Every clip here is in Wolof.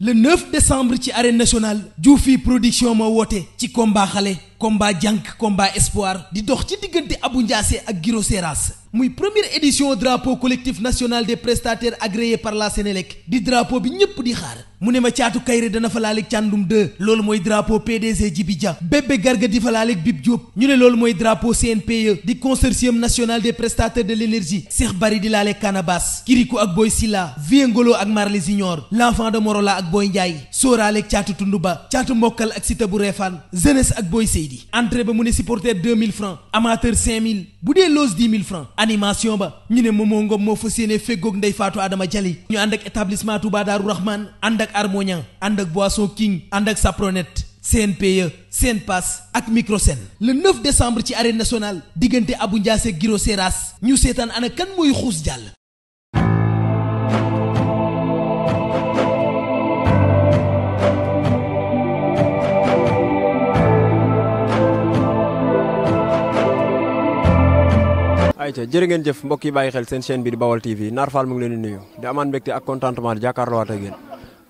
le décembre ci arène nationale Diofi production ma woote ci combat combat jànk combat espoir di dox ci diggante Abou Ndiassé ak Guiro Séras muy première édition drapo collectif national des prestataires agréés par la Sénélec di drapeau bi ñëpp di xaar mu ne ma caatu kayre dana fa laaleeg càndum 2 loolu mooy drapeau PDG Jibi Dia bébé garga di fa laaleeg Bib Diop ñu ne loolu mooy drapeau CNPE di consortium national des prestataires de l'énergie Cheikh Bari di laaleeg Kanabas Kirikou ak Boy Silla Viengolo ak Marley Junior l'enfant de Morola ak Boy Ndiaye sóoraaleeg caatu Tunduba caatu Mbokkal ak Sita bu ak Boy Seydi midi entrée ba mu ne supporter 2000 francs amateur 5000 bu dee loose 10 000 francs animation ba ñu ne Momo Ngom moo fas yéene feggoog Ndeye Fatou Adama Jali ñu ànd ak établissement Touba Darou Rahman ànd ak Harmonia ànd ak Boisson King ànd ak Sapronet CNPE seen pass ak microsen le 9 décembre ci arène nationale diggante abu Ndiasse Guiro Seras ñu seetaan ana kan mooy xuus jàll ayca jërë ngeen jëf mbokk yi bàyyi xel seen chaîne bi di Bawal TV Naar Fall mu ngi leen di nuyu di amaan mbégte ak contentement di jàkkaarloowaat ak yéen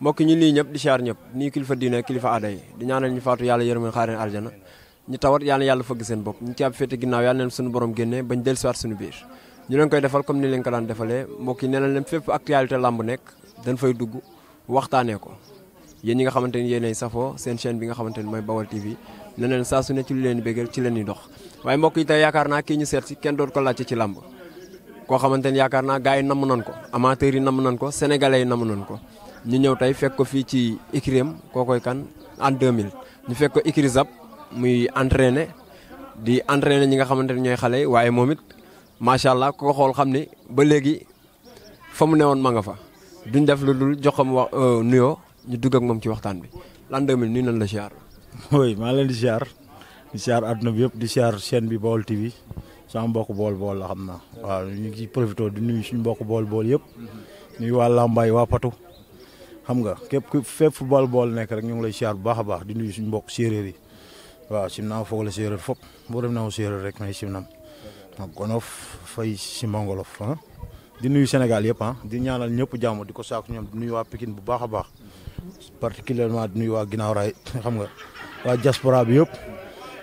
mbokk ñun lii ñëpp di siyaar ñëpp nii kilifa diine kilifa aada yi di ñaanal ñu faatu yàlla yërëmën xaareen aljana ñu tawat yàlla yàlla fëgg seen bopp ñu ci ab ginnaaw yàlla leen suñu borom génne bañ dellusiwaat suñu biir ñu leen koy defal comme ni leen ko daan defalee mbokk yi nee leen fépp actualité làmb nekk dugg waxtaanee ko yéen ñi nga xamante ni yéenay safoo seen chaîne bi nga xamante ni mooy Bawal TV neneen leen saa su ne ci lu leen bégal ci leen di dox waaye mbokk yi tey yaakaar naa kii ñu seet si kenn doot ko laajte ci làmb koo xamante ni yaakaar naa gars yi namm nañ ko amateurs yi namm nañ ko sénégalais yi namm nañ ko ñu ñëw tey fekk ko fii ci koo koy kan en 2000 ñu fekk ko ICRI ZAP muy entraîner di entraîner ñi nga xamante ni ñooy xale waaye moom it macha allah ko xool xam ni ba léegi fa mu newoon ma nga fa duñ def lu dul jox ko mu wax euh, nuyoo ñu dugg ak moom ci waxtaan bi l'an 2000 nuyu nañ la ziar. mooy maa leen di siyaar di siyaar àdduna bi yëpp di siyaar chaîne bi Baol TV sama mbokk bool bool la xam naa waaw ñu ngi ciy di nuyu suñu mbokk bool bool yëpp nuyu waa Lambaay waa Patu xam nga képp ku fépp fu bool bool nekk rek ñu ngi lay siyaar bu baax a baax di nuyu suñu mbokk séeréer yi waaw sim naa foog la séeréer fop boo dem naa séeréer rek may sim naam gonof fay simangolof ah di nuyu Sénégal yëpp ah di ñaanal ñëpp jàmm di ko saako ñoom di nuyu waa bu baax a baax particulièrement di nuyu waa ginnaaw xam nga waa diaspora bi yëpp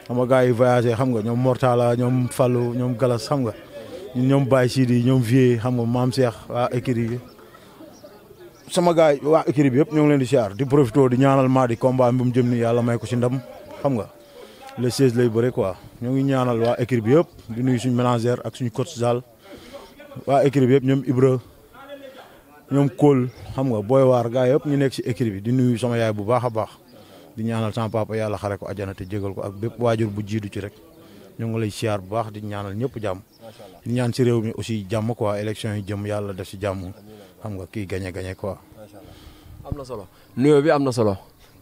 xam nga gars yi voyagé xam nga ñoom Mortala ñoom Fallou ñoom Galas xam nga ñoom baay Sidi ñoom Vieux xam nga maam Cheikh waa écurie bi sama gars waa écurie bi yëpp ñoo ngi leen di siyaar di profité di ñaanal maa di combat bi mu jëm ni yàlla may ko si ndam xam nga le 16 lay bëre quoi ñoo ngi ñaanal waa écurie bi yëpp di nuyu suñu manager ak suñu coach Zal waa écurie bi yëpp ñoom Ibra ñoom Kool xam nga booy waar gaa yëpp ñu nekk si écurie bi di nuyu sama yaay bu baax a baax. di ñaanal sama papa yàlla xare ko ajana te jégal ko ak bépp waajur bu jiitu ci rek ñu ngi lay siyaar bu baax di ñaanal ñëpp jàmm di ñaan si réew mi aussi jàmm quoi élection yi jëm yàlla def si jàmm xam nga kii gañe gañe quoi. am na solo nuyoo bi am na solo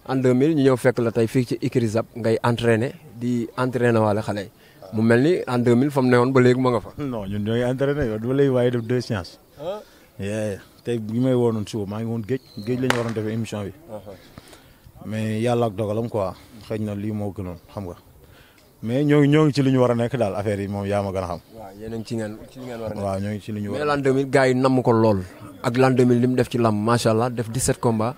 en 2000 ñu ñëw fekk la tey fii ci Ikirizab ngay entraîner di entraîner waale xale yi mu mel ni en 2000 fa ne woon ba léegi ma nga fa. non ñun ñooy entraîner yow ba léegi waaye def deux séances. Ah. tey bi may woonoon suba maa ngi woon géej géej la ñu waroon defee émission bi. Ah, ah. mais yàlla ak dogalam quoi xëy na lii moo gënoon xam nga mais ñoo ngi ñoo ngi ci li ñu war a nekk daal affaire yi moom yaa ma gën a xam. waaw yéen a ngi a nekk. waaw ñoo ngi ci li ñu war a mais l'an 2000 yi namm ko lool ak l'an 2000 li mu def ci làmb macha allah def 17 combats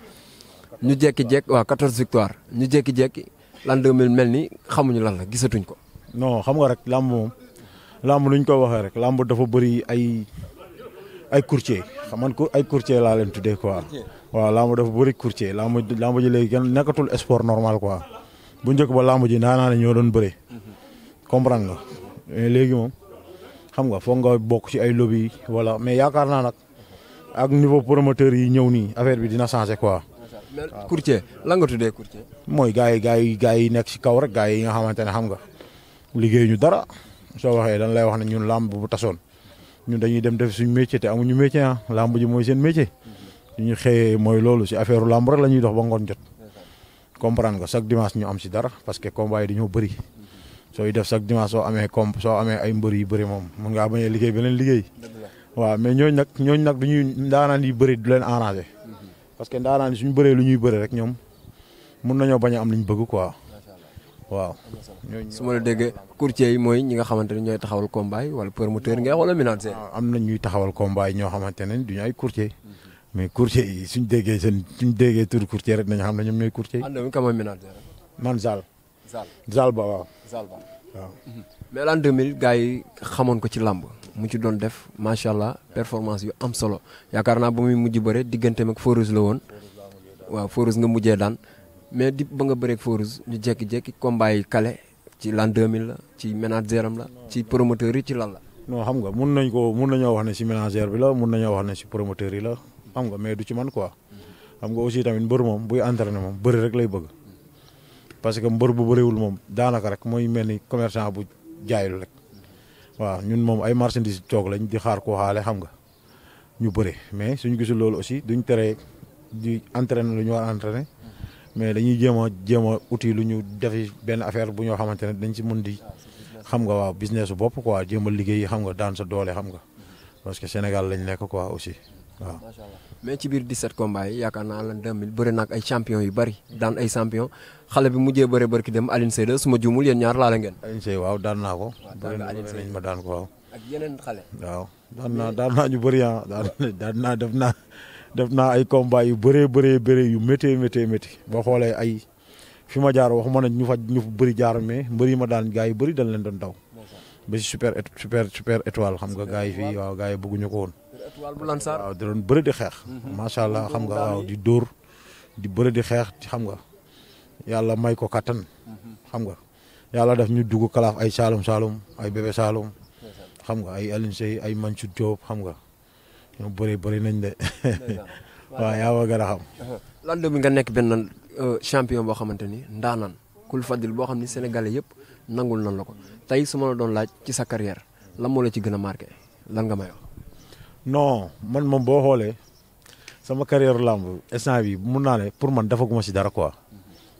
ñu jékki-jékki waaw 14 victoire ñu jékki-jékki l'an 2000 mel ni xamuñu lan la gisatuñ ko. non xam nga rek làmb moom làmb lu ñu ko waxee rek làmb dafa bëri ay ay courtier xam man ay courtier laa leen tuddee quoi. waaw lamb dafa bëri courtier lamb lamb ji léegi kenn nekkatul sport normal quoi bu njëkk ba lamb ji naanaa ne ñoo doon bëri comprendre nga léegi moom xam nga foog nga bokk ci ay lobi wala mais yaakaar naa nag ak niveau promoteur yi ñëw nii affaire bi dina changé quoi. waaw courtier lan nga tuddee courtier. mooy gars yi gars yi gars yi nekk ci kaw rek gars yi nga xamante ne xam nga liggéey ñu dara soo waxee dañ lay wax ne ñun làmb bu tasoon ñu dañuy dem def suñu métier te amuñu métier ah làmb ji mooy seen métier. li ñu xëyee mooy loolu si affaire làmb rek la ñuy dox ba ngoon jot. comprend nga chaque dimanche ñu am si dara parce que combat yi dañoo bëri. sooy def chaque dimanche soo amee comp soo amee ay mbër yu bëri moom mun ngaa bañ a liggéey beneen liggéey. waaw mais ñooñu nag ñooñu nag du ñuy ndaanaan yi bëri du leen arrangé. parce que ndaanaan ñu bëree lu ñuy bëri rek ñoom mun nañoo bañ a am lu ñu bëgg quoi. waaw su ma la déggee courtier yi mooy ñi nga xamante ne ñooy taxawal combat yi wala promoteur ngay wala financier. am na ñuy taxawal combat ñoo xamante ne du ñu ay courtier mais courtier yi suñ déggee seen suñ déggee tur courtier rek nañ xam ne ñoom ñooy courtier yi. man Zal. Zal Zal Ba waaw. Zal Ba waaw. Mhm. mais l'an 2000 yi xamoon ko ci làmb mu ci doon def macha allah performance yu am solo yaakaar naa ba muy mujj bëre digganteem ak Foruz la woon waaw Foruz nga mujjee daan mais di ba nga bëreeg Foruz ñu jékki-jékki combat yi kale ci l'an 2000 la ci manager am la ci promoteur yi ci lan la. non xam nga mun nañ ko mun nañoo wax ne si manager bi la mun nañoo wax ne si promoteur yi la. xam nga mais du ci man quoi. xam nga aussi tamit mbër moom buy entraîné moom bëri rek lay bëgg parce que mbër bu bëriwul moom daanaka rek mooy mel ni commerçant bu jaayul rek waaw ñun moom ay marchandises toog lañ di xaar koo xaale xam nga ñu bëri mais suñu gisul loolu aussi duñ tere di entraîné lu ñu war a mais dañuy jéem a jéem a outil lu ñu defi benn affaire bu ñoo xamante ne dañ si mun di xam nga waaw business su bopp quoi jéem a liggéey xam nga doole xam nga parce Sénégal lañ nekk quoi aussi. waaw mais ci biir 17 combats yi yaakaar naa lan 2000 bëri na ay champion yu bëri daan ay champion xale bi mujjee bëre ki dem Alioune Seye su ma juumul yéen ñaar laale ngeen. Alioune Seye waaw daan naa ko. bëri ma daan ko waaw. ak yeneen xale. waaw daan naa daan naa ñu bëri ah daan naa def naa def naa ay combats yu bëree bëre bëri yu méttee méttee métti boo xoolee ay fi ma jaar waxuma ne ñu fa ñu bëri jaar mais mbëri ma daan gaa yu bëri dañ leen doon daw. ba si super super super étoile xam nga gaa yi fii waaw gars yi ñu ko woon. étoile bu Lansar waaw da doon bëri di xeex. Mhm. macha allah xam nga waaw di dóor di bëri di xeex xam nga yàlla may ko kattan. Mhm. xam nga yàlla def ñu dugg kalaaf ay Saalum Saalum ay Bébé Saalum. xam nga ay Alioune Seye ay Mansour Diop xam nga ñoom bëri bëri nañ de. waaw yaa ma gën a xam. Uh-huh. lan nga nekk benn uh, champion boo xamante ni ndaanaan kul fadil boo xam ni sénégalais yëpp. nangul nan la ko tey suma ma doon laaj ci sa carrière lan moo la ci gën a marqué lan nga may wax. non man moom boo xoolee sama carrière lamb instant bi mun naa ne pour man defaguma si dara quoi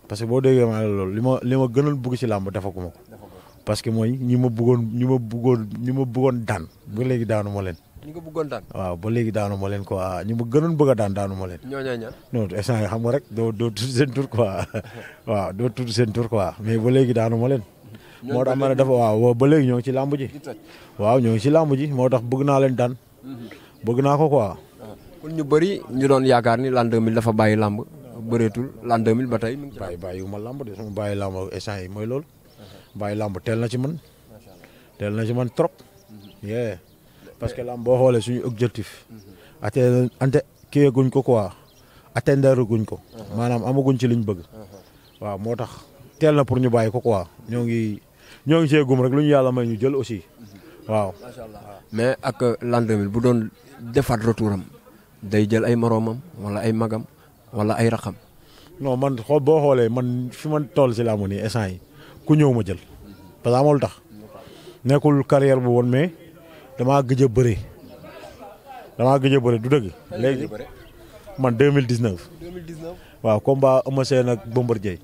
parce que boo déggee ma loolu li ma li ma gënal bëgg si làmb defaguma ko. parce que mooy ñi ma bëggoon ñi ma bëggoon ñi ma bëggoon daan ba léegi daanu ma leen. ñi nga bëggoon daan. waaw ba léegi daanu ma leen quoi ñi ma gënoon bëgg daan daanu ma leen. ñooñu ñaan non instant yi xam nga rek doo doo tudd seen tur quoi waaw doo tudd seen tur mais ba léegi daanu ma leen. moo tax ma ne dafa waaw ba léegi ñoo ngi ci làmb ji waaw ñoo ngi ci làmb ji moo tax bëgg naa leen daan mm-hmm. bëgg naa ko quoi ah, kon ñu bëri ñu doon yaakaar ni l'an 2000 dafa bàyyi làmb bëreetul l'an 2000 ba tey bàyyi bàyyi ma làmb de sama bàyyi làmb essence yi mooy loolu bàyyi làmb teel na ci man teel man trop mm-hmm. yee parce que làmb boo xoolee suñu objectif mm-hmm. atteindre ante kii guñ ko quoi atteindre guñ ko uh-huh. maanaam amaguñ ci liñ bëgg uh-huh. waaw moo tax teel na pour ñu bàyyi ko quoi ñoo ngi ñoo ngi see gum rek lu ñu yàlla may ñu jël aussi mhm. waaw. macha allah mais ak euh, l'an bu doon defaat retour am day jël ay moroomam wala ay magam wala ay raxam. non man xoo boo xoolee man fi man tool si laa nii instant yi ku ñëw ma jël parce que amul tax nekkul carrière bu woon mais damaa gëj a bëri damaa gëj a du dëgg. léegi man 2019. 2019 waaw combat Eumeu Sène ak Bombardier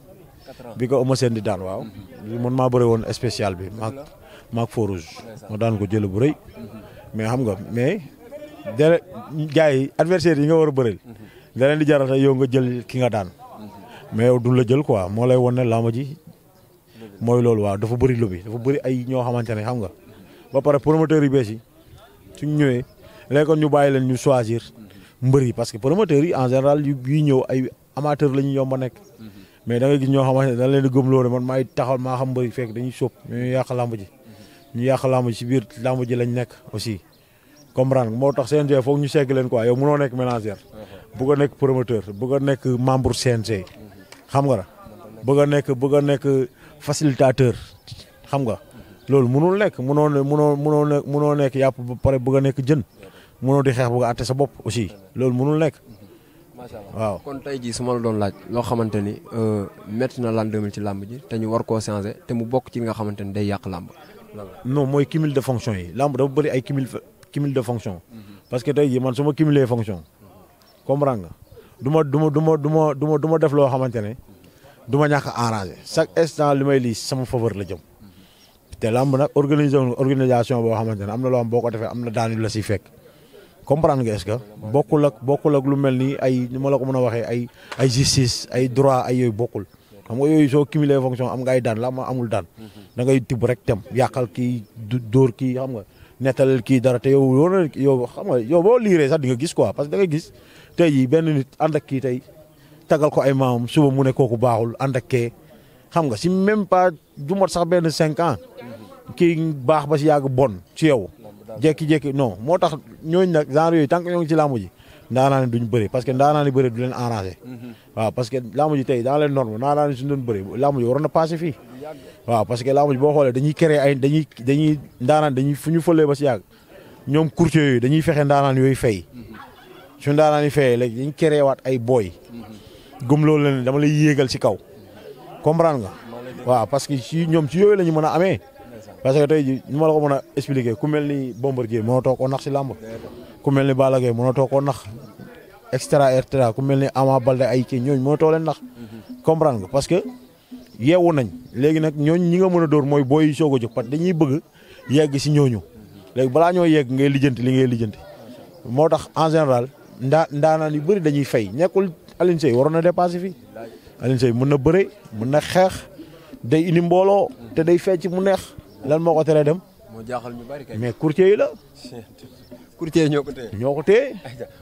bi ko Eumeu Sène di daan waaw. man maa bëre woon spécial bi maak maak Forouge ma daan ko jël bu rëy. mais xam nga mais dara gars yi adversaire yi nga war a bëreel. da leen di jarata yow nga jël ki nga daan. mais yow la jël quoi moo lay won ne làmb ji. mooy loolu waaw dafa bëri lu bi dafa bëri ay ñoo xamante ne xam nga. ba pare promoteurs yu bees yi suñ ñëwee léegi kon ñu bàyyi leen ñu choisir mbër yi parce que yi en général yu ñëw ay amateurs la ñu yomb nekk. mais da gis ñoo xamante ne dañ leen di gëmloo ne man maay taxaw maa xam mbëri fekk dañuy sóob ñu yàq làmb ji ñu yàq làmb ji si biir làmb ji lañ nekk aussi comprendre moo tax CNG foog ñu segg leen ko quoi yow mënoo nekk manager bëgg a nekk promoteur bëgg a nekk membre CNG xam nga la bëgg a nekk bëgg a nekk facilitateur xam nga loolu mënul nekk mënoo mënoo mënoo nekk mënoo nekk yàpp ba pare bëgg a nekk jën mënoo di xeex bëgg a àtte sa bopp aussi loolu mënul nekk macha allah waaw kon tey jii suma ma la doon laaj loo xamante ni euh, métti na l'an 2000 ci làmb ji te ñu war koo changé te mu bokk ci nga xamante ni day yàq làmb. non mooy cumul de fonction yi làmb dafa bëri ay cumul de fonction. parce que tey jii man su ma cumuler fonction. comprendre nga du ma du ma du ma du ma du ma du ma def loo xamante ne du ma ñàkk a arrangé chaque instant li may lii sama faveur la jëm. te làmb nag organisé organisation xamante ne am na loo defee am na la siy fekk. comprendre nga est-ce bokkul ak bokkul ak lu mel ni ay ni ma la ko mën a waxee ay ay justice ay droit ay yooyu bokkul xam nga yooyu soo cumulé fonction am nga ay daan la ma amul daan dangay ngay tibb rek tem yàqal kii dóor kii xam nga nettaleel kii dara te yow yow yow xam nga yow boo liiree sax di nga gis quoi parce que da gis tey benn nit ànd ak kii tey tagal ko ay maamam suba mu ne kooku baaxul ànd ak kee xam nga si même pas du sax benn cinq kii baax ba si yàgg bon ci yow jékki-jékki non moo tax ñooñu nag genre yooyu tant que ñoo ngi ci làmb ji ndaanaan duñ bëri parce que ndaanaan bëri du leen arrangé mm-hmm. waaw parce que làmb tey dans les normes ndaanaan suñ fëlee ba si yàgg ñoom courtier yooyu dañuy fexe ndaanaan yooyu fay mm-hmm. su ndaanaan yi fayee dañuy créer waat ay booy mm-hmm. gëm la ne dama lay yéegal si kaw comprendre nga waaw parce que si ñoom ci yooyu la ñu mën amee parce que tey jii ñu ma la ko mën a expliquer ku mel ni Bombardier mënatoo koo nax si làmb ku mel ni Balla Gaye mënatoo koo nax et cetera ku mel ni Ama Baldé ay kii ñooñu mënatoo leen nax comprendre nga parce que yeewu nañ léegi nag ñooñ ñi nga mën a door mooy booy soog a parce que dañuy bëgg yegg si ñooñu léegi balaa ñoo yegg ngay lijjanti li ngay lijjanti moo tax en général ndaa ndaanaan yu bëri dañuy fay ñekkul Alioune Seye waroon na dépassé fii Alioune Seye mën na bëre mën na xeex day indi mbooloo te day fecc mu neex lan moo ko teree dem. moo jaaxal ñu bari kay. mais courtier yi la. courtier ñoo ko téye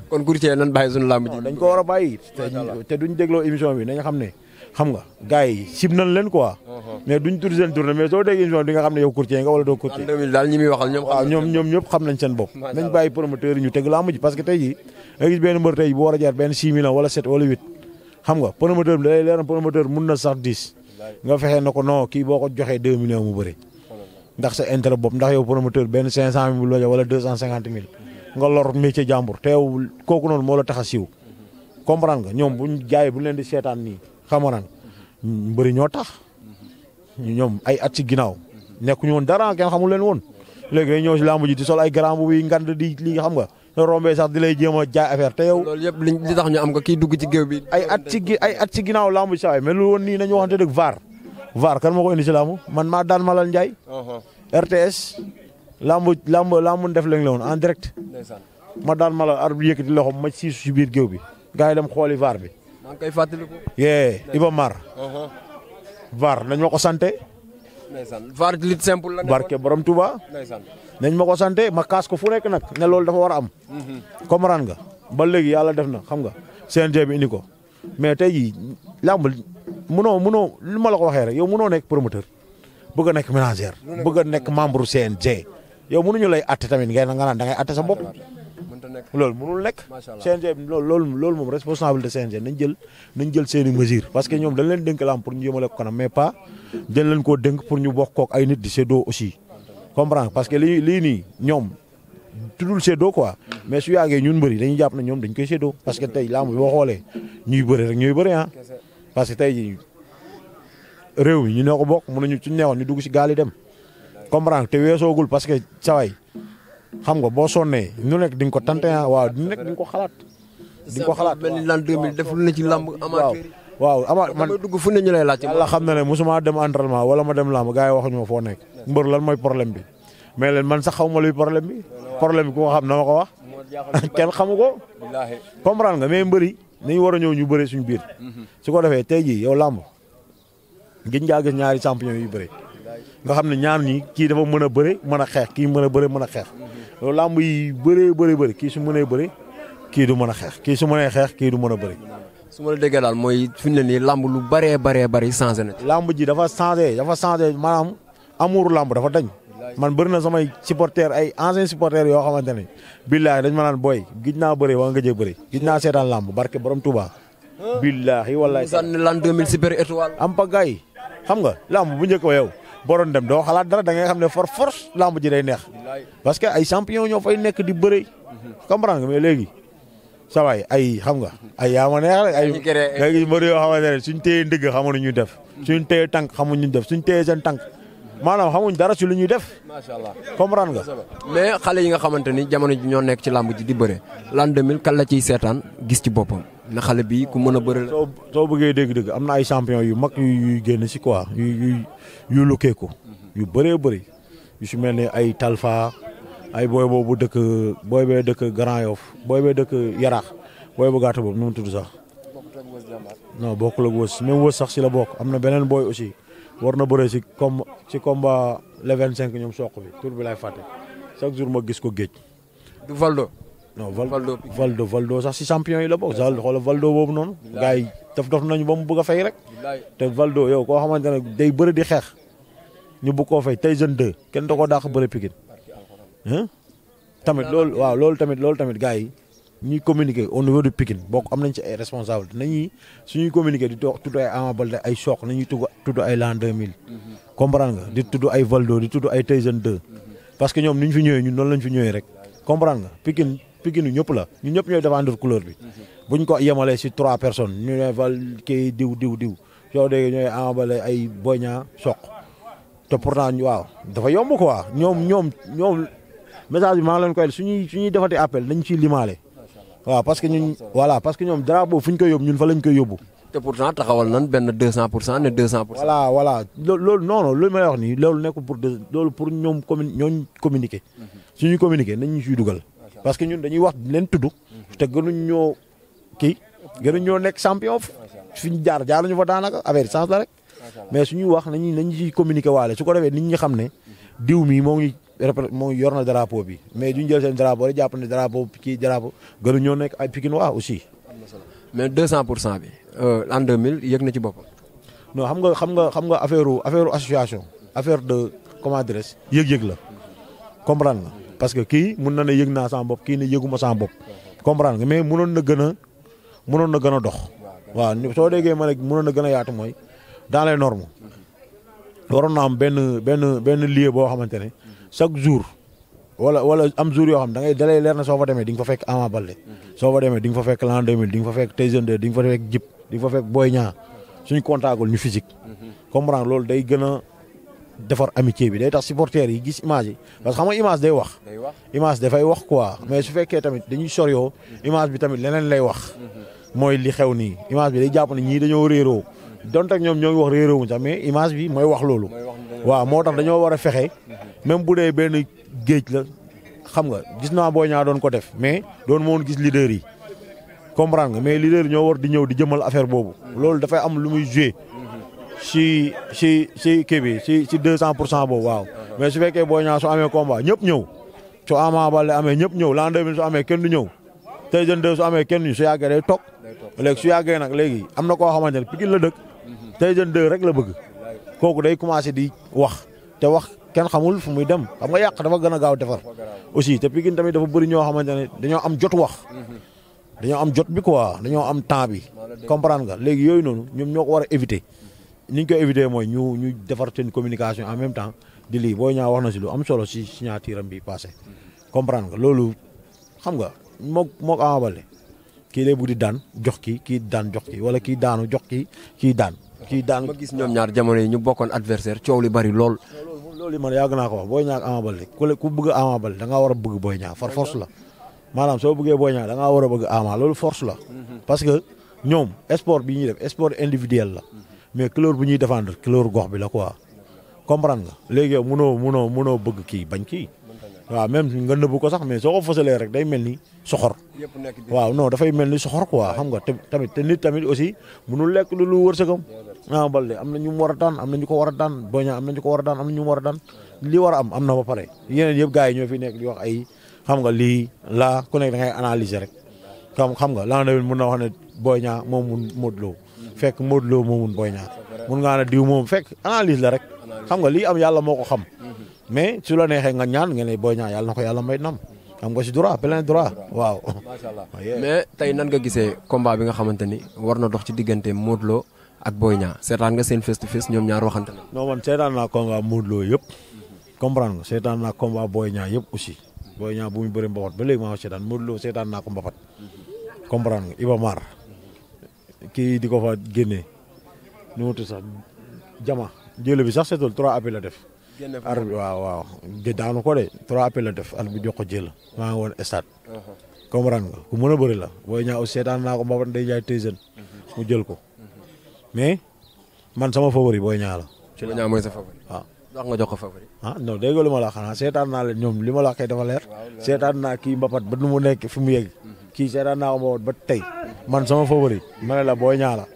kon courtier nan bàyyi suñu làmb ji. dañ ko war a bàyyi. te duñ dégloo émission bi nañ xam ne xam nga gars yi sib nañ leen quoi. Uh-huh. duñ tudd seen soo dégg émission bi nga xam ne yow courtier nga wala doo courtier. parce que tey jii nga gis benn mbër tey bu war a jaar benn 6 millions wala 7 wala xam nga promoteur bi da lay leer promoteur mun na sax nga fexe na ko non kii boo ko joxee 2 bëri ndax sa intérêt bopp ndax yow promoteur benn 500000 bu la jox wala 250000 nga lor métier jàmbur teewul kooku noonu moo la tax a siiw comprendre nga ñoom buñ jaayee bu leen di seetaan nii xamaraan mbëri ñoo tax ñoom ay at ci nekk nekkuñu woon dara kenn xamul leen woon léegi day ñëw si làmb ji di sol ay grand bu yi ngand di lii xam nga soo rombee sax di lay jéem a jaay affaire te yow. loolu yëpp li tax ñu am ko kii dugg ci géew bi. ay at ci ay at ci ginnaaw làmb ji saa nii nañu waxante dëgg vaar. VAR kan moo ko indi ci man maa daan Malal Ndiaye. Uh-huh. RTS làmb làmb làmb def lañ la woon en direct. ma daan Malal arbitre yëkkati loxoom ma siisu ci biir géew bi gars yi dem xooli VAR bi. maa ngi koy fàttaliku. yee Iba Mar. Uh-huh. VAR nañ ma ko santé. ndeysaan VAR lit simple la. barke borom Touba. ndeysaan nañ ma ko santé ma kaas ko fu nekk nag ne loolu dafa war a am. Mm-hmm. comprendre nga ba léegi yàlla def na xam nga CNG bi indi ko. mais tey jii làmb mënoo mënoo lu ma la ko waxee rek yow mënoo nekk promoteur bëgg a nekk manager bëgg a nekk membre CNG yow mënuñu lay atte tamit ngay nga naan da ngay atte sa bopp loolu mënul nekk CNG loolu loolu loolu moom responsabilité CNG nañ jël nañ jël seen i mesure parce que ñoom dañ leen dénk làmb pour ñu yëmale ko kanam mais pas dañ leen koo dénk pour ñu bokk kook ay nit di séddoo aussi comprendre parce que lii lii nii ñoom tuddul séddoo quoi mais su yàggee ñun mbëri dañuy jàpp na ñoom dañ koy séddoo parce que tey lamb bi xoolee ñuy bëri rek ñooy bëri ah parce que tey jii réew mi ñu noo ko bokk nañu suñu neexoon ñu dugg si gaal yi dem comprendre te weesoogul parce que saway xam nga boo sonnee ñu nekk di nga ko tante ah. waaw ñu nekk di ko xalaat di nga ko xalaat mel ni l'an 2000 def lu ne ci lamb amateur waaw ama man dugg fu ne ñu lay laaj yàlla xam na ne mosuma dem entraînement wala ma dem lamb gaa yi waxuñu ma foo nekk mbër lan mooy problème bi mais leen man sax xaw ma luy problème bi problème bi ko xam na ma ko wax kenn xamu ko comprendre nga mais mbëri nañu war a ñëw ñu bëri suñu biir su ko defee tey jii yow làmb gis ngaa ñaari champion yu bëri nga xam ne ñaar nii kii dafa mën a bëri mën a xeex kii mën a bëri mën a xeex loolu làmb yi bëree bëri bëri kii su mënee bëri kii du mën a xeex kii su mënee xeex kii du mën a bëri su ma la déggee daal mooy fi ñu la nii làmb lu bëree bëree bëri changé nag làmb ji dafa changé dafa changé maanaam amuuru làmb dafa dañ man bëri na samay supporter ay ancien supporter yoo xamante ne billaahi dañ ma naan booy gis naa bëri wala nga jëg bëri gis naa seetaan làmb barke borom Touba. billaahi wallaahi. sànni lan 2000 super étoile. am pagaay xam nga làmb bu njëkk ba yow. boroon dem doo xalaat dara da ngay xam ne for force lamb ji day neex parce que ay champion ñoo fay nekk di bëre comprendre nga mais léegi sa waay ay xam nga ay yaa ma neex rek ay nga gis mbër yoo xamante ne suñ téye ndigg xamuñu def suñ téye tànk xamuñu ñu def suñ téye seen tànk maanaam xamuñ dara ci lu ñuy def. macha allah comprendre nga. mais xale yi nga xamante ni jamono ji ñoo nekk ci làmb ji di bëre l'an 2000 kan la ciy seetaan gis ci boppam na xale bi ku mën a bëre la. soo soo bëggee dégg-dégg am na ay champion yu mag yu yuy génn ci quoi yu yu yu lukkee ko yu bëree bëri yu ci mel ni ay Talfa ay booy boobu dëkk booy bee dëkk Grand Yoff booy bee dëkk Yaraax booy bu gàtt boobu nu mu tudd sax. non bokkul ak wës même wës sax si la bokk am na beneen booy aussi. war na bëree si comme si combat le cinq ñoom soq bi tur bi laay fàtte chaque jour ma gis ko géej. du Valdo. non Valdo Valdo Valdo sax si champion yi la bokk. daal xoolal Valdo boobu noonu. gars yi daf dof nañu ba mu bëgg a fay rek. te Valdo yow koo xamante ne day bëri di xeex. ñu bëgg koo fay tey jeune 2 kenn da ko daax bëri Pikine. tamit loolu waaw loolu tamit loolu tamit gars yi. ñuy communiquer au niveau de Pikine bokk am nañ ci ay responsable nañuy suñuy communiquer di tudd ay Ama Baldé ay Sokh nañuy tudd ay l'an 2000. Mhm. comprendre nga di tudd ay Valdo di tudd ay Tyson 2. Mhm. parce que ñoom ni ñu fi ñëwee ñun noonu lañ fi ñëwee rek comprendre nga Pikine Pikine ñëpp la ñun ñëpp ñooy défendre couleur bi. Mhm. buñ ko yemalee si trois personnes ñu ne val kii diw diw diw soo déggee ñooy Ama Baldé ay Boy Niang Sokh te pourtant waaw dafa yomb ko waa ñoom ñoom message bi maa ngi leen koy suñuy suñuy defati appel ciy limaale. waaw parce que ñun voilà parce que ñoom drapeau fu ñu koy yóbbu ñun fa lañ koy yóbbu. te pourtant taxawal nañ benn 200 pour cent ne 200 pour cent. loolu non non li may wax nii loolu nekkul pour loolu pour ñoom commun ñooñu communiquer. Mhm. suñu communiquer nañ ñu siy dugal. parce que ñun dañuy wax leen tudd. Mhm. te gënuñ ñoo kii gënuñ ñoo nekk champion fi ñu jaar jaar nañu fa daanaka affaire chance la rek. mais suñuy wax nañu nañ ci communiquer waale su ko defee nit ñi xam ne mhm. diw mi moo ngi moom yor na daraapo bi mais duñ jël seen drapeau rek jàpp ne drapeau kii drapeau gën a ñoo nekk ay Pikine waa aussi. am na solo mais pour cent bi en euh, 2000 yëg na ci boppam. non xam nga xam nga xam nga affaire affaire association affaire de comment dirais yëg-yëg la comprendre nga parce que kii mun na na yëg naa sama bopp kii ne yëguma sama bopp comprendre nga mais munoon na gën a munoon na gën a dox. waaw soo déggee ma ne munoon na gën a yaatu mooy dans les waroon na am benn benn benn lieu boo xamante ne. chaque jour wala wala am jour yoo xam da ngay dalay leer na soo fa demee di nga fa fekk Ama Baldé mhm. soo fa demee di nga fa fekk l'an 2000 di nga fa fekk Tyson 2 di nga fa fekk Jip di nga fa fekk Boy Niang suñu contactul ñu physique mhm. comprendre loolu day gën a defar amitié bi day tax supporters yi gis image yi parce que xam nga image day wax image dafay wax quoi mhm. mais su fekkee tamit dañuy soriyoo image bi tamit leneen lay wax mooy li xew nii image bi day jàpp ne ñii dañoo réeroo donte ak ñoom ñoo ngi wax réeréewuñ sax mais image bi mooy wax loolu. waaw moo tax dañoo war a fexe même bu dee benn géej la xam nga gis naa boo ñaa doon ko def mais doon moon gis leader yi comprendre nga mais leader yi ñoo war di ñëw di jëmal affaire boobu. loolu dafay am lu muy joué. si si si kii bi si si deux cent pour cent boobu waaw. mais su fekkee boo ñaa su amee combat ñëpp ñëw. su Ama Baldé amee ñëpp ñëw l'an deux mille su amee kenn du ñëw. te jën deux su amee kenn du su yàggee day su yàggee nag léegi am na koo xamante ne Pikine la dëkk. Tyson 2 rek la bëgg kooku day commencé di wax te wax kenn xamul fu muy dem xam nga yàq dafa gën a gaaw defar aussi te Pikine tamit dafa bëri ñoo xamante ne dañoo am jot wax dañoo am jot bi waa dañoo am temps bi comprendre nga léegi yooyu noonu ñoom ñoo ko war a éviter ni ñu koy éviter mooy ñu ñu defar seen communication en même temps di lii booy ñaa wax na si lu am solo si signature am bi passé comprendre nga loolu xam nga mook mook Ama Baldé kii lay bu di daan jox kii kii daan jox kii wala kii daanu jox ki kii daan. kii daan ma gis ñoom ñaar jamono yi ñu bokkoon adversaire coow li bari lool. loolu man yàgg naa ko wax Boy Niang ak Ama ku bëgg Ama Baldé da war a bëgg Boy Niang far force la maanaam soo bëggee Boy ñaa da war a bëgg Ama loolu force la. parce que ñoom sport bi ñuy def sport individuel la. mais couleur bu ñuy défendre couleur gox bi la quoi comprendre nga léegi yow mënoo mënoo mënoo bëgg kii bañ kii. waaw même nga nëbb ko sax mais soo ko fësalee rek day mel ni soxor waaw non dafay mel ni soxor quoi xam nga tamit tamit aussi mënul lekk lu lu wërsëgam ah, Ama na ñu mu war a daan am na ñu ko a daan am na ñu ko war a daan am na a li war a am am na ba pare yeneen yëpp gars yi ñoo fi nekk di wax ay xam nga li la ku nekk da ngay analyser rek xam xam nga laa nawet mën na wax ne boña moom mun Lo fekk Modou Lo moo mun boña mun ngaa ne diw moom fekk analyse la moo ko xam mais su la neexee nga ñaan ngeen ne Boy Niang yàlla na ko yàlla may nam am nga si droit plein droit waaw. macha allah tey nan nga gisee combat bi nga xamante ni war na dox ci diggante Modou ak Boy ñaa seetaan nga seen face to ñoom ñaar waxante na. non man seetaan naa combat Modou Lo yëpp comprendre nga seetaan naa combat Boy Niang aussi Boy Niang bu mu bëri mbapat ba léegi maa ngi seetaan Modou Lo seetaan naa ko mbapat Iba Mar kii di ko fa génnee nu mu tudd sax jama jële bi sax seetul trois appels def. ar waaw waaw di daanu ko de trois appels la def ar bi jox ko jël maa ngi woon stade uh-huh. comprendre nga ku mën a bëri la booy ñaaw seetaan naa ko mbabat day jaay tëysen uh-huh. mu ko mais man sama favori booy ñaa ci la ñaa mooy sa favori waaw ah. wax nga ko favori ah non dégg li ma la ñoom li ma la xëy dafa leer seetaan naa kii mbapat ba nu mu nekk fi mu yegg uh-huh. kii seetaan naa ko mbapat ba tey man sama favori ma ne la booy ñaa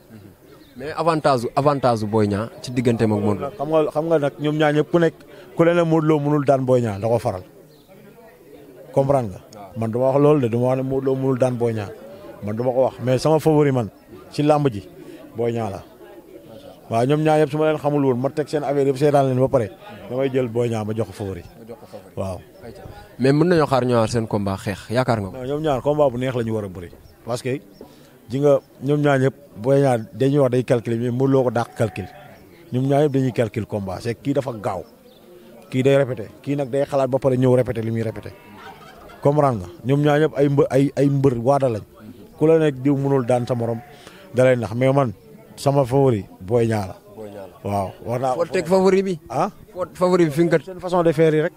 mais avantage avantage booy Niang ci digganteem ak Modou Lo. xam nga xam nga nag ñoom ñaa ñëpp ku nekk ku leen ne Modou Lo mënul daan Boy Niang da ko faral comprendre nga. man duma wax loolu de duma wax ne Modou Lo daan Boy Niang man duma ko wax mais sama favori man ci làmb ji Boy Niang la. waaw ñoom ñaar yëpp su ma leen xamul ma teg seen affaire yëpp seetaan leen ba pare hmm. damay jël Boy Niang ma jox ko favori waaw. mais mën nañoo xaar ñëwaat seen combat xeex yaakaar nga ko. ñoom ñaar combat bu neex la ñu war a bëri parce que ji nga ñoom ñaar ñëpp booy ñaar dañuy wax day calcul mais mënuloo ko dàq calcul ñoom ñaar ñëpp dañuy calcul combat c'est kii dafa gaaw kii day répété kii nag day xalaat ba pare ñëw répété li muy répété comprendre nga ñoom ñaar ñëpp ay mbë ay ay mbër waada lañ ku la nekk diw mënul daan sa morom dalay nax mais man sama favori booy ñaar la. waaw wax naa. foo teg favori bi. ah foo favori bi fi nga façon de faire rek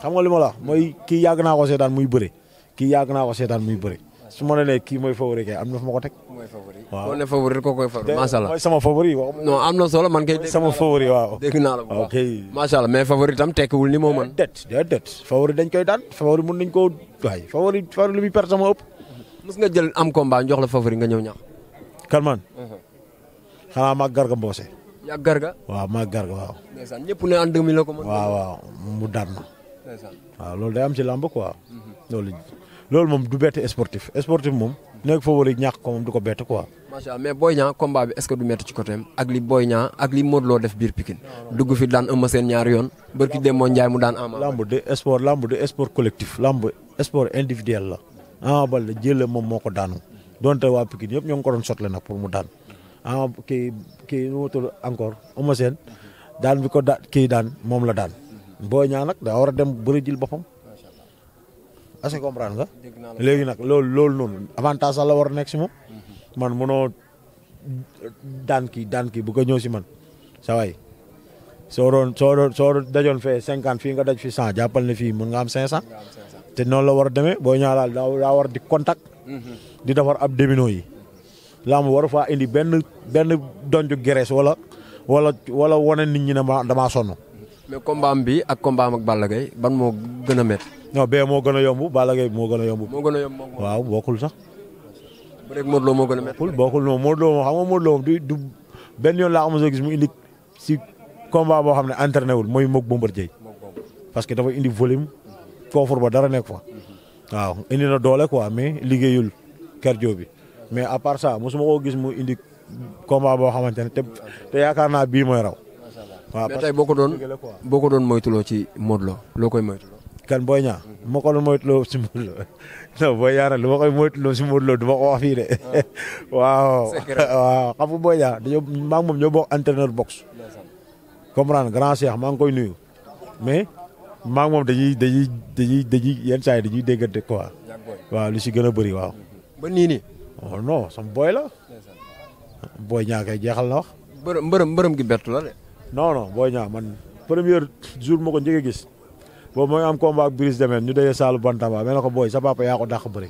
xam nga li ma la mooy kii yàgg naa ko seetaan muy bëre kii yàgg naa ko seetaan muy bëre. su ma la nee kii mooy favori kay am na fu ma ko teg. mooy favori waaw boo nee favori ko koy favori macha allah. mooy sama favori waaw. non am man kay. sama favori waaw dégg ni moo mën. déet dañ koy daan favori mun nañ koo waaye favori favori lu muy perte sama ëpp. mës nga jël am combat jox la favori nga ñëw ñax. kan man. Uh-huh. xanaa maa garga mboose. yaa garga. waaw maa garga waaw. ndeysaan ñëpp ne en 2000 la ko mën. waaw waaw mu daan na. waaw loolu day am ci làmb quoi. Uh-huh. loolu. loolu moom du bett sportif sportif moom nekk favori ñàkk ko moom du ko bett quoi. macha allah mais Boy Niang combat bi est-ce que du métti ci côté ak li Boy Niang ak li Modou Lo def biir Pikine dugg fi daan Eumeu Sène ñaari yoon barki Demba Ndiaye mu daan Ama. lamb de sport lamb de sport collectif lamb sport individuel la Ama moom moo ko daanu donte waa Pikine yëpp ñoo ngi ko doon sotle nag pour mu daan ah kii kii nu mu encore Eumeu Sène daan bi ko da kii daan moom la daan Boy Niang nag daa war a dem bëri jël boppam. est-ce que nga. léegi nag loolu loolu noonu avantage sax la war a nekk si mhm. man mënoo daan kii daan ki bu ñëw si man saway soo doon soo doon soo dajoon fee cinquante fii nga daj fi cent jàppal na fii mun nga am cinq cent. te noonu la war a demee boo ñaaraal daa war di contact. Mhm. di defar ab domino yi. lamb war faa indi benn benn donju gerees wala wala wala wane nit ñi ne damaa sonn. mais combat bi ak combat am ak Balla ban moo gën a métti. non bee moo gën a yomb Balla Gaye moo gën a yomb. moo gën a yomb waaw bokkul sax. bu rek Modou Lo moo gën a métti. gis mu indi si combat boo xam ne entraîné wul mooy moog Bombardier parce que dafa indi volume koofur ba dara nekk fa. waaw indi na doole quoi mais liggéeyul cardio bi mais à part ça ma koo gis mu indi combat boo xamante ne te te yaakaar naa bii mooy raw. waaw ba tey boo ko doon boo ko doon moytuloo ci Modou loo koy moytuloo. kan Boy Niang moo ko doon moytuloo si Modou Lo non Boy Niang nag lu ma koy moytuloo si Modou Lo du ko wax fii de. Ah. waaw xam nga Boy Niang dañoo maa ngi moom ñoo bokk entraîneur boxe. comprendre grand cheikh maa koy nuyu mais maa ngi moom dañuy dañuy dañuy dañuy yenn saa yi dañuy déggante waaw lu si gën a bëri waaw. ba nii nii. Oh non sama booy la. booy ñaa koy jeexal na wax. gi bett la non non Boy Niang man premier jour ma ko njëkk gis boobu mooy am combat ak Brise de ñu dee Saalu Bantamba mel na ko booy sa papa yaa ko dàq bëri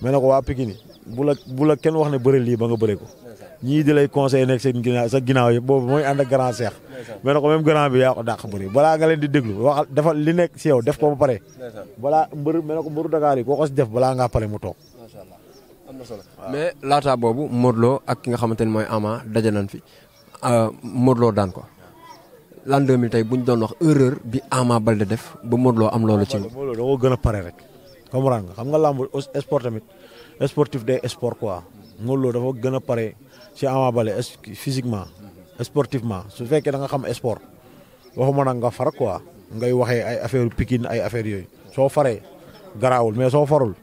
ko waa Pikine bu la bu la kenn wax ne bëri lii ba nga bëri ko ñii di lay conseillé nekk seen ginnaaw sa ginnaaw yëpp boobu mooy ànd ak mel na ko même grand bi yaa ko dàq balaa nga leen di déglu waxal defal li nekk si yow def ko ba pare balaa mbër mel na ko yi ko def balaa ngaa pare mu toog mais laata boobu Modou Lo ak ki nga xamante ne mooy Ama daje nañ fi euh, Modou Lo daan ko l'an 2000 tey bu ñu doon wax erreur bi Ama Baldé def ba Modou Lo am loolu ci. Modou Lo da koo gën a pare rek. comprendre nga xam nga làmb sport tamit sportif day sport quoi Modou Lo dafa gën a pare ci Ama Baldé physiquement sportivement su fekkee da nga xam sport waxuma nag nga far quoi ngay waxee ay affaire Pikine ay affaire yooyu soo faree garaawul mais soo farul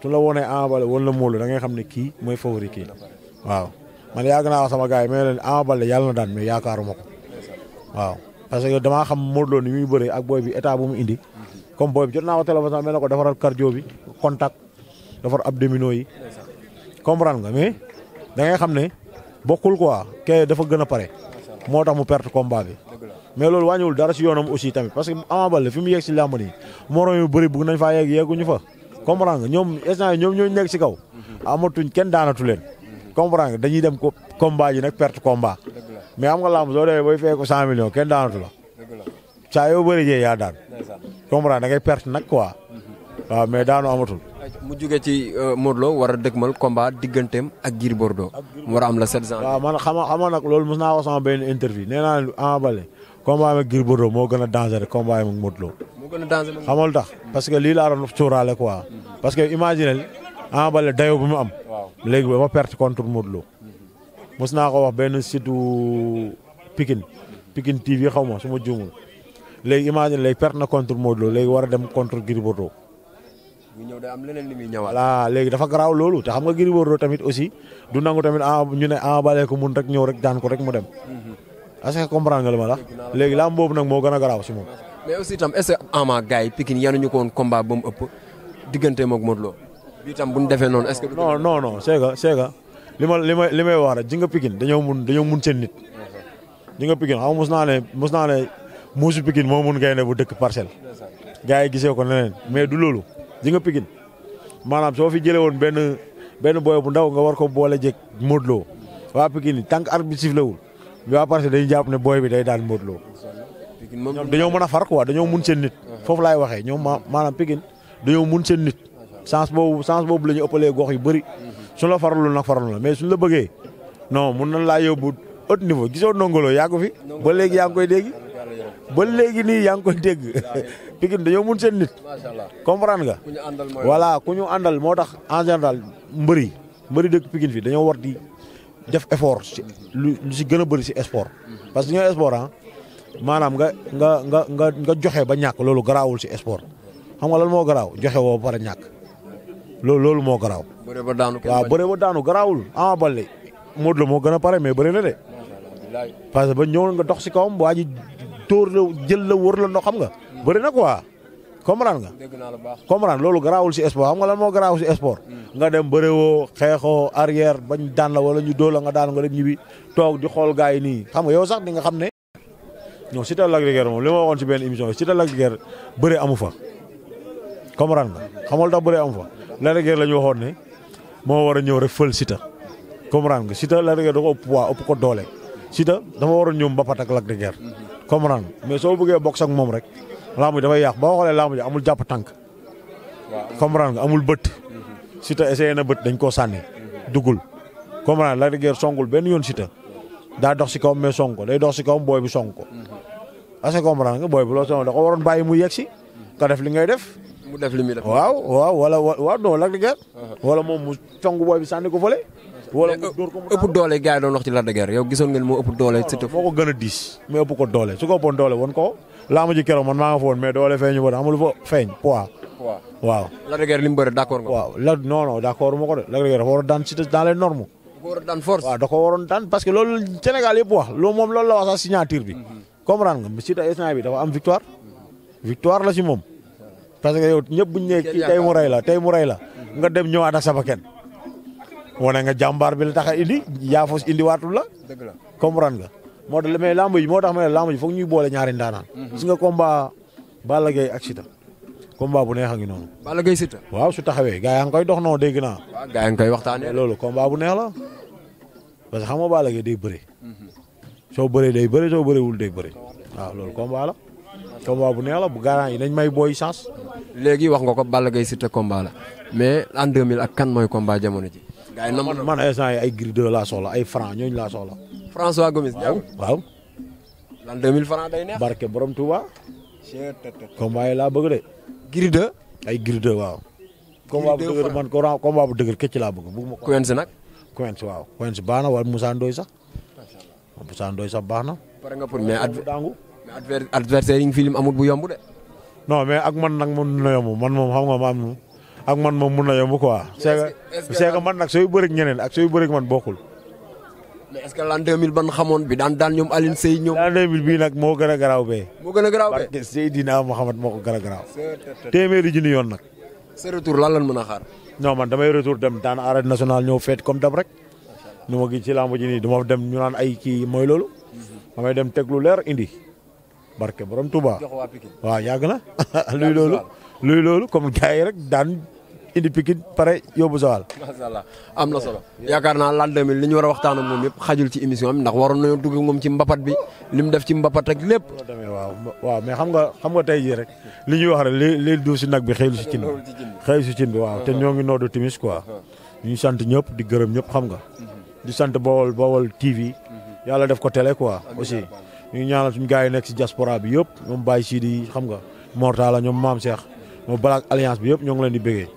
su la wonee Ama Baldé woon la Modou Lo xam ne kii mooy favori kii waaw man yàgg naa wax sama waaw parce que damaa xam Modou Lo ni muy bëree ak booy bi état bu mu indi comme booy bi jot naa ko téléphone sax mel na ko defaral cardio bi contact ab abdominaux yi comprendre nga mais da ngay xam ne bokkul quoi kee dafa gën a pare moo tax mu perte combat bi mais loolu wul dara si yoonam aussi tamit parce que Ama Baldé fi mu yegg si làmb nii morom yu bëri bugg nañ faa yegg yegguñu fa comprendre nga ñoom instant ñoom ñooñu nekk si kaw amatuñ kenn daanatu leen comprendre nga dañuy dem ko combat ji nag perte combat mais am nga làmb soo demee booy fay ko cent kenn daanatu la. saa jee yaa daan. comprendre da ngay perte nag quoi. Mhm. waaw mais daanu amatul. mu juge ci euh, Modou Lo war a dëgmal combat digganteem ak Gris Bordeaux. mu war a am la sept ans. waaw man xama xama nag loolu mos naa wax sama benn interview nee naa ne Ama Baldé combat am ak Gris Bordeaux moo gën a dangereux combat am ak Modou Lo. moo gën a dangereux xamul tax parce que lii laa doon suuraale quoi. Mhm. parce que imagine Ama Baldé dayoo bu mu am. waaw léegi ba ma perte contre Modou Lo. mos naa ko wax benn site Pikine Pikine TV xaw ma su ma juumul léegi imagine léegi perte na contre Modou Lo léegi war a dem contre Gris Bordeaux. ñu ñëw day am leneen li muy ñëwaat. voilà léegi dafa garaaw loolu te xam nga Gris Bordeaux tamit aussi du nangu tamit ah ñu ne ah ko mun rek ñëw rek daan ko rek mu dem. Mhm. est-ce que ma la léegi laam boobu nag moo gën a garaaw si tam est-ce que Ama gars yi ko woon combat ba ëpp digganteem moog Modou Lo. bii bu ñu defee noonu est-ce li ma li may li may wax rek ji nga Pikine dañoo mun dañoo mun seen nit ji nga Pikine xam mus naa ne mos naa ne muusu Pikine moo mun gaynde bu dëkk parcelle gars yi gisee ko neneen mais du loolu ji nga Pikine maanaam soo fi jëlee woon benn benn boy bu ndaw nga war ko boole jëkk Modou Lo waa Pikine tant que arbitre sifflé wul waa parcelle dañuy jàpp ne boy bi day daan Modou Lo ñoom dañoo mën a far quoi dañoo mun seen nit foofu laay waxee ñoom maanaam Pikine dañoo mun seen nit chance boobu chance boobu la ñu ëppalee gox yu bëri suñu la faralul nag faralul la mais suñu la bëggee non mun nañ laa yóbbu haut niveau gisoo nongolo yaa ko fi ba léegi yaa ngi koy dégg ba léegi nii yaa ngi koy dégg Pikine dañoo mun seen nit comprendre nga voilà ku ñu àndal moo tax en général mbëri mbëri dëkk Pikine fi dañoo war di def effort si lu si gën a bëri si sport mhm. parce que ñoo sport ah maanaam nga nga nga nga nga joxe ba ñàkk loolu garaawul si sport xam nga lan moo garaaw joxe woo ba pare ñàkk loolu loolu moo garaaw. bëre ba daanu waaw bëre ba daanu garaawul Ama Baldé Modou Lo moo gën a pare mais bëre na de. parce que ba ñëw nga dox si kawam waa ji tóor la jël la wër la ndox xam nga. bëri na quoi comprendre nga. dégg naa la baax comprendre loolu garaawul si sport xam nga lan moo garaawul si sport. Hmm. nga dem bëreewoo xeexoo arrière bañ daan la wala ñu doola nga daan nga dem ñibbi toog di xool gars yi nii xam nga yow sax di nga xam ne. non si Lac de Guiers moom li ma waxoon si benn émission Siteu Lac fa. comprendre nga xamal tax bëre am fa Lac de la ñu waxoon ne moo war a ñëw rek fël Siteu comprendre nga Siteu Lac da ko ëpp poids ëpp ko doole Siteu dafa waroon ñëw mbapat ak Lac de nga mais soo bëggee boxe ak moom rek laamu ji dafay yàq boo xoolee laamu ji amul jàpp tànk comprendre nga amul bët Siteu essayé na bët dañ koo sànni duggul comprendre Lac songul benn yoon Siteu daa dox si kawam mais song ko day dox si kawam booy bi song ko parce que comprendre nga booy bi loo song da ko waroon bàyyi mu yegg si nga def li ngay mu def waaw waaw wala waaw non Lac de Guiers uh-huh. wala moom mu congu booy bi sànni ko fële wala euh, ëpp doole gars yi doon ci Lac de Guiers yow gisoon ngeen moo ëpp doole Siteu moo gën a diis mais ëpp ko doole su ko ëppoon doole waaw Lac de Guiers li mu bëri nga waaw la non non d'accord ko de Lac de Guiers dafa war a daan Siteu dans les normes waaw da daan parce loolu Sénégal yëpp wax loolu moom loolu la wax sax signature bi mm-hmm. comprendre nga Siteu instant bi dafa am mm-hmm. parce que yow ñëpp bu ñu nee kii tey mu rey la tey mu rey la nga dem ñëwaat ak sa bakkan wane nga jàmbaar bi la tax a indi yaafus indi waatul la. dëgg la comprendre nga moo tax mais lamb yi moo tax ma ne yi foog ñuy boole ñaari ndaanaan. Mhm. gis nga combat Balla Gaye bu neex a ngi noonu. Balla waaw su taxawee gars yaa ngi koy dox noonu dégg naa. waaw gars yaa ngi koy waxtaanee loolu combat bu neex la parce que xam nga Balla Gaye day bëre. Mhm. soo bëree day bëre soo day bëre waaw loolu combat la. combat bu neex la bu garant yi nañ may booy chance. léegi wax nga ko Balla Gaye Siteu combat la mais en 2000 ak kan mooy combat jamono ji. gars yi man man instant yi ay Gris 2 laa soxla ay franc ñooñu laa soxla. François Gomis waaw waaw. lan 2000 franc barke borom Touba. combat yi laa bëgg de. Gris 2. ay Gris 2 waaw. combat bu dëgër man combat bu dëgër këcc laa bëgg bëgguma ko. nag. Coense waaw Coense baax na wala Moussa sax. Moussa sax baax na. mais adversaire yi ñu fi lim amul bu yomb de. non mais ak man nag mun na yomb man moom xam nga ma am ak man moom mun na yomb quoi. c'est que c'est que man nag sooy bëreeg ñeneen ak sooy bëreeg man bokkul. mais est-ce que l'an ban xamoon bi daan daan ñoom Alioune Seye ñoom. l'an 2000 bii nag moo gën a garaaw bee. moo gën a garaaw bee moo ko gën a garaaw. téeméeri junni yoon nag. sa retour lan lan mën a xaar. non man damay retour dem daan arène nationale ñëw feet comme dam rek. nu ma gis ci lamb ji nii du ma dem ñu mhm. indi. barke borom Touba waaw yàgg na luy loolu luy loolu comme gars yi rek daan indi Pikine pare yóbbu Joal macha am na solo yaakaar naa l'an 2000 li ñu war a waxtaan ak moom yëpp xajul ci émission am ndax waroon nañoo dugg moom ci mbapat bi li mu def ci mbapat rek lépp waaw waaw mais xam nga xam nga tey jii rek li ñuy wax rek li li du si nag bi xëyul si cin bi xëyul si cin bi waaw te ñoo ngi noodu timis quoi uh-huh. ñu sant ñëpp di gërëm ñëpp xam nga uh-huh. di sant Bawol Bawol TV uh-huh. yàlla def ko télé quoi aussi ñu ngi ñaanal suñu gars yi nekk si diaspora bi yëpp ñoom Baye Sidi xam nga Mortala ñoom Maam Cheikh ñoom Black Alliance bi yëpp ñoo ngi leen di bëggee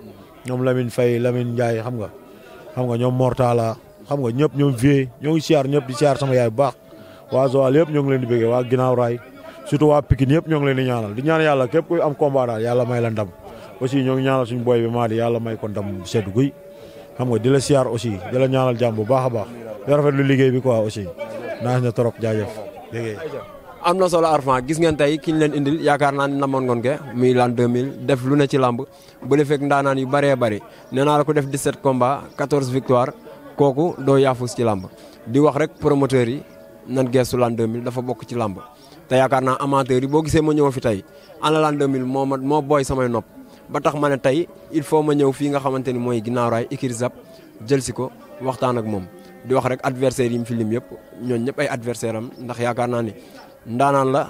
ñoom Lamine Faye Lamine Ndiaye xam nga xam nga ñoom la xam nga ñëpp ñoom Vieux ñoo ngi siyaar ñëpp di siyaar sama yaay bu baax waa Joal yëpp ñoo ngi leen di bëggee waa Ginaaw Raay surtout waa Pikine yëpp ñoo leen di ñaanal di ñaan yàlla képp kuy am combat daal yàlla may la ndam aussi ñoo ngi ñaanal suñu boy may ko ndam seddu guy xam nga di la siyaar aussi di la ñaanal jàmm bu baax a baax di rafetlu liggéey bi quoi aussi naaj na trop jaajëf am na solo Arfan gis ngeen tey ki leen indil yaakaar naa ne namoon ngoon ke muy l'an 2000 def lu ne ci làmb ba li ndaanaan yu bëree bëri nee naa la ko def 17 combats 14 victoire kooku doo yaafus ci làmb di wax rek promoteurs yi nan geestu l'an 2000 dafa bokk ci làmb te yaakaar naa amateurs yi boo gisee ma ñëw fi tey ana l'an moo ma moo booy samay nopp ba tax ma ne tey il faut ma ñëw fii nga xamante ni mooy ginnaaw raay ikir zap jël si ko waxtaan ak moom di wax rek adversaire yi mu fi lim yëpp ñooñu ñëpp ay adversaire am ndax yaakaar naa ni ndaanaan la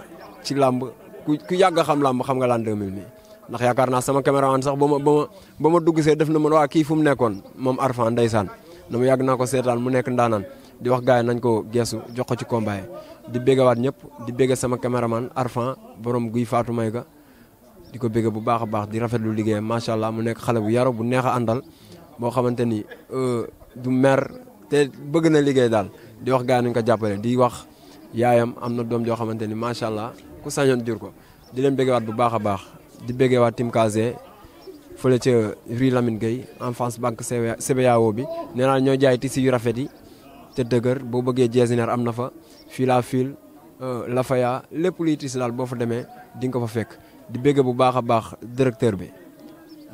ci làmb ku ku yàgg xam làmb xam nga laan 2000 mi ndax yaakaar naa sama caméraman sax ba ma ba ma ma dugg see def na ma waa kii fu nekkoon moom Arfan ndeysaan na mu yàgg naa ko seetaan mu nekk ndaanaan di wax gars yi nañ ko geesu jox ko ci combat di waat ñëpp di bégga sama caméraman Arfan borom guy faatu may ga di ko bégg bu baax a baax di rafetlu liggéeyam macha allah mu nekk xale bu yaro bu neex àndal boo xamante ni euh, du mer te bëgg na liggéey daal di wax gaa yi nañu ko jàppale di wax yaayam am na doom joo xamante ni macha allah ku sañoon jur ko di leen waat bu baax a baax di bëggewaat Tim Kazé fële ca rue Lamine Gueye en fance banque CBAO bi nee naa ñoo jaay tissu yu rafet yi te dëgër boo bëggee jeesineer am na fa fil à fil euh, lafaya lépp luy tissu daal boo fa demee di nga ko fa fekk di bëgge bu baax a baax directeur bi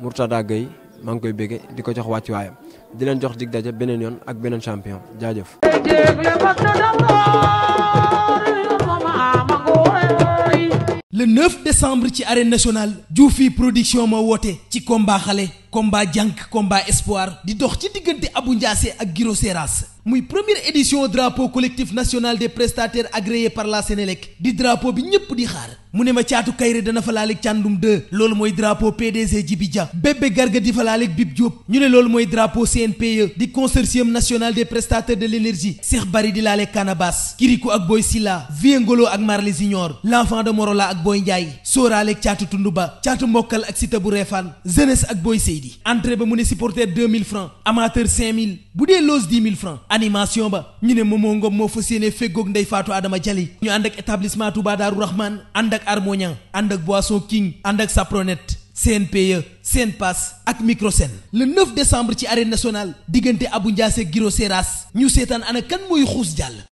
Mourtada Gueye maa ngi koy bëgge di ko jox wàccuwaayam di leen jox dig daje beneen yoon ak beneen champion jaajëf. le 9 décembre ci arène nationale Diofi production ma woote ci combat xale combat jànk combat espoir di dox ci diggante Abou Ndiassé ak Guiro muy première édition drapo collectif national des prestataires agréés par la Sénélec di drapeau bi ñëpp di xaar mu ne ma caatu kayre dana fa laaleeg càndum 2 loolu mooy drapeau PDG Djibi Dia bébé garga di fa laaleeg Bib Diop ñu ne loolu mooy drapeau CNPE di consortium national des prestataires de l'énergie Cheikh Bari di laaleeg Kanabas Kirikou ak Boy Silla ngolo ak Marley Junior l'enfant de Morola ak Boy Ndiaye sóoraaleeg caatu caatu Mbokkal ak Sita bu Refane jeunesse ak Boy Sey midi entrée ba mu ne supporter mille francs amateur 5000 bu dee loose 10 000 francs animation ba ñu ne Momo Ngom moo fas yéene feggoog Ndeye Fatou Adama Jali ñu ànd ak établissement Touba Darou Rahman ànd ak Harmonia ànd ak Boisson King ànd ak Sapronet seen Senpass ak Microsen le 9 décembre ci arène nationale diggante abu Ndiassé Giro Seras ñu seetaan ana kan mooy xuus jàll